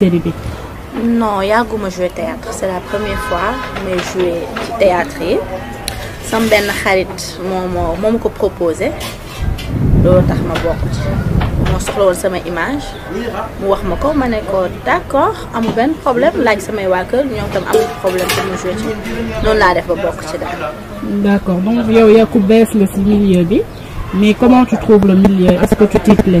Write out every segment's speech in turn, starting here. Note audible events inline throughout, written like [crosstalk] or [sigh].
bébé Non, yàgguma joué théâtre c'est la première fois may joué du théâtre yi sama benn xarit moo moo ma ko proposé loolu tax ma bokk ci moo soxla woon ma image mu wax ma ko ma ne ko d'accord amul benn problème laaj samay waa kër ñoom tam amul problème pour ma joué ci noonu laa def ba bokk ci daal. d'accord donc yow yaa ku bees la ci milieu bi mais comment tu trouves le milieu est-ce que tu t'y plais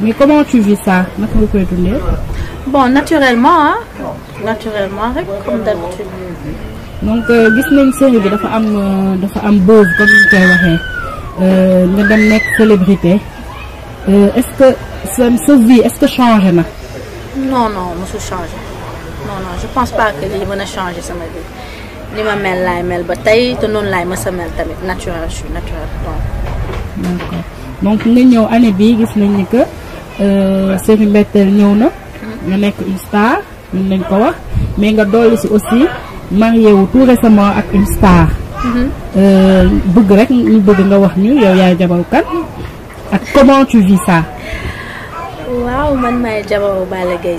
Mais comment tu vis ça Bon, naturellement, hein? naturellement, comme d'habitude. donc euh, gis nañ série bi dafa am euh, dafa am buzz comme ni ñu koy waxee euh, nga dem nekk célébrité est-ce que sa vie est-ce que changé Non, non non mosul change. non non je pense pas que li mën changé sama vie li ma mel laay mel ba tey te noonu laay mës a mel tamit naturel je suis naturel donc. d'accord donc nga ñëw année bii gis nañ ni que. Euh, série Mbetteel ñëw na nga nekk une star mën nañ ko wax mais nga dolli si aussi marié wu tout récemment ak une star mm-hmm. euh, bëgg rek ñu bëgg nga wax ñu yow yaay jabaru kan ak comment tu vis waaw man maay jabaru Balla Gaye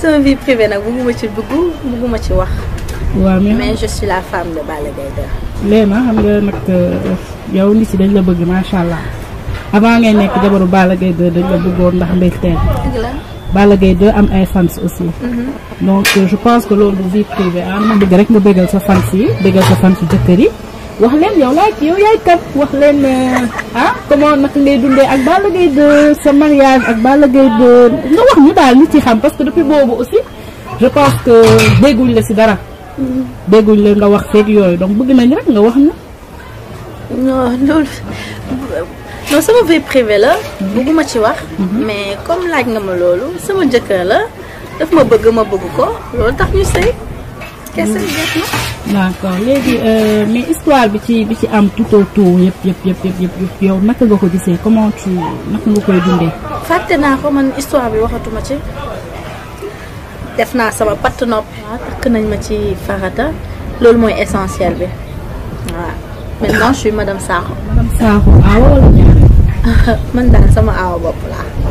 2 [laughs] sama vie privée nag bugguma ci dugg bugguma ci wax mais je suis la femme de Balla Gaye 2 léena xam nga euh, la allah avant ngay nekk jabaru Balla Gaye 2 dañ la bëggoon ndax am ay fans aussi mhm. donc euh, je pense que loolu vie privée ah ma bëgg rek nga bégal sa fans yi bégal sa fans jëkkër yi wax leen yow kan? euh, ah comment nak ngay dundee ak Balla Gaye 2 sa mariage ak Balla Gaye 2 nga wax ñu daal nit que depuis boobu je la si dara dégguñ la nga wax feeg yooyu donc bëgg nañ rek nga wax na non loolu non sama vie privée la mhm. bëgguma ci wax mhm. mais comme laaj nga ma loolu sama jëkkër la def ma bëgg ma bëgg ko loolu tax ñu sëy kese jeex na bi ci bi ci am yëpp yëpp yëpp yëpp yëpp yow naka nga ko gisee comment naka nga koy dundee fàtte naa ko man histoire bi waxatuma ci defna sama patt nopp. waaw takk nañ ma ci farata loolu moy essentiel bi waaw maintenant je suis madame Sakho. madame Sakho aawa [laughs] man dal sama aawa bopp la